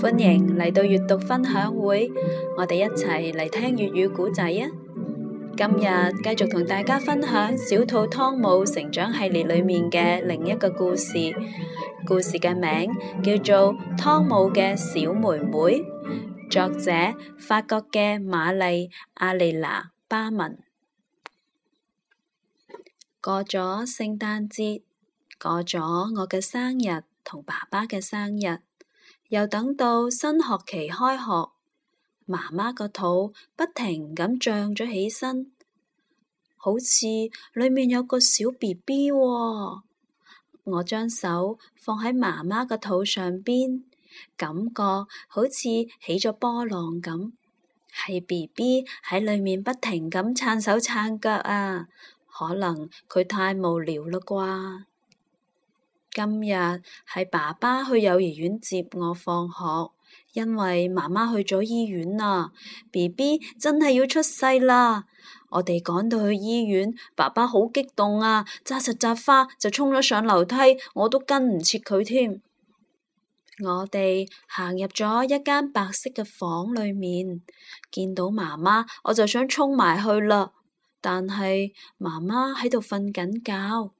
歡迎嚟到閱讀分享會，我哋一齊嚟聽粵語古仔啊！今日繼續同大家分享《小兔湯姆成長系列》裏面嘅另一個故事，故事嘅名叫做《湯姆嘅小妹妹》，作者法國嘅瑪麗阿麗娜巴文。過咗聖誕節，過咗我嘅生日同爸爸嘅生日。又等到新學期開學，媽媽個肚不停咁脹咗起身，好似裏面有個小 BB。我將手放喺媽媽個肚上邊，感覺好似起咗波浪咁，係 BB 喺裏面不停咁撐手撐腳啊，可能佢太無聊啦啩。今日係爸爸去幼兒園接我放學，因為媽媽去咗醫院啦，B B 真係要出世啦！我哋趕到去醫院，爸爸好激動啊，扎實扎花就衝咗上樓梯，我都跟唔切佢添。我哋行入咗一間白色嘅房裏面，見到媽媽，我就想衝埋去啦，但係媽媽喺度瞓緊覺。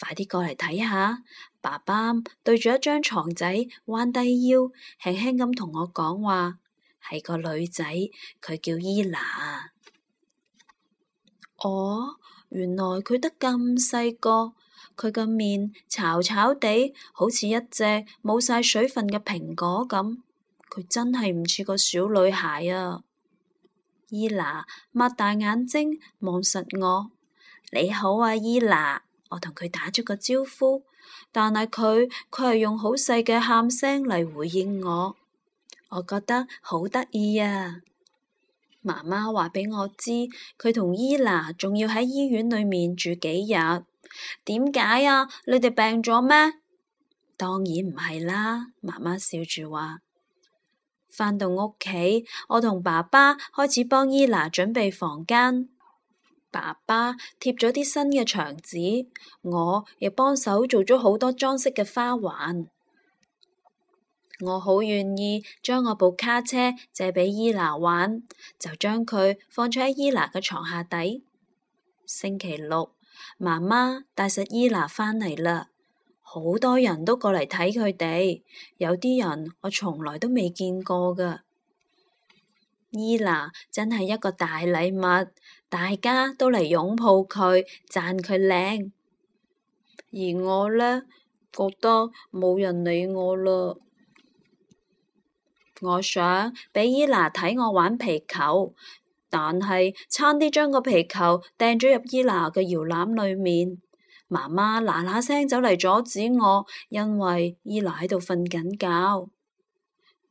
快啲過嚟睇下，爸爸對住一張床仔彎低腰，輕輕咁同我講話，係個女仔，佢叫伊娜。哦，原來佢得咁細個，佢個面巢巢地，好似一隻冇晒水分嘅蘋果咁。佢真係唔似個小女孩啊！伊娜擘大眼睛望實我，你好啊，伊娜。我同佢打咗個招呼，但係佢佢係用好細嘅喊聲嚟回應我，我覺得好得意啊！媽媽話俾我知，佢同伊娜仲要喺醫院裏面住幾日，點解啊？你哋病咗咩？當然唔係啦！媽媽笑住話，返到屋企，我同爸爸開始幫伊娜準備房間。爸爸貼咗啲新嘅牆紙，我亦幫手做咗好多裝飾嘅花環。我好願意將我部卡車借俾伊娜玩，就將佢放咗喺伊娜嘅床下底。星期六，媽媽帶實伊娜返嚟啦，好多人都過嚟睇佢哋，有啲人我從來都未見過㗎。伊娜真係一個大禮物，大家都嚟擁抱佢，讚佢靚。而我呢，覺得冇人理我啦。我想俾伊娜睇我玩皮球，但係差啲將個皮球掟咗入伊娜嘅搖籃裏面。媽媽嗱嗱聲走嚟阻止我，因為伊娜喺度瞓緊覺。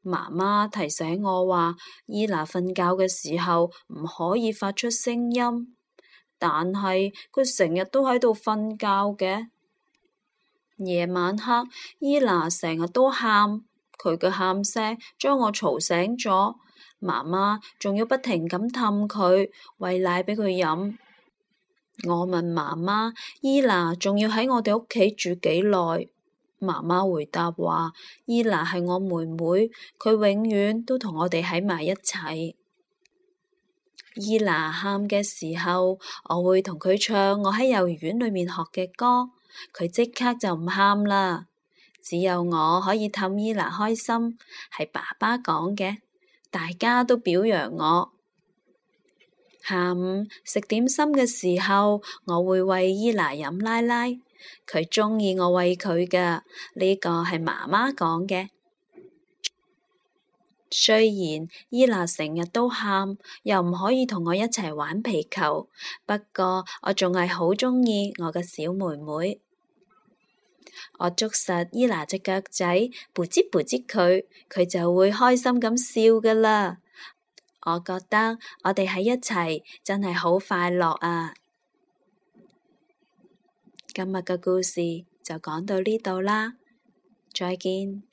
媽媽提醒我話，伊娜瞓覺嘅時候唔可以發出聲音，但係佢成日都喺度瞓覺嘅。夜晚黑，伊娜成日都喊，佢嘅喊聲將我嘈醒咗。媽媽仲要不停咁氹佢，餵奶俾佢飲。我問媽媽，伊娜仲要喺我哋屋企住幾耐？媽媽回答話，伊娜係我妹妹，佢永遠都同我哋喺埋一齊。伊娜喊嘅時候，我會同佢唱我喺幼兒園裏面學嘅歌，佢即刻就唔喊啦。只有我可以氹伊娜開心，係爸爸講嘅，大家都表揚我。下午食點心嘅時候，我會喂伊娜飲奶奶。佢鍾意我餵佢噶，呢個係媽媽講嘅。雖然伊娜成日都喊，又唔可以同我一齊玩皮球，不過我仲係好鍾意我嘅小妹妹。我捉實伊娜隻腳仔，噗吱噗吱佢，佢就會開心咁笑噶啦。我覺得我哋喺一齊真係好快樂啊！今日嘅故事就講到呢度啦，再見。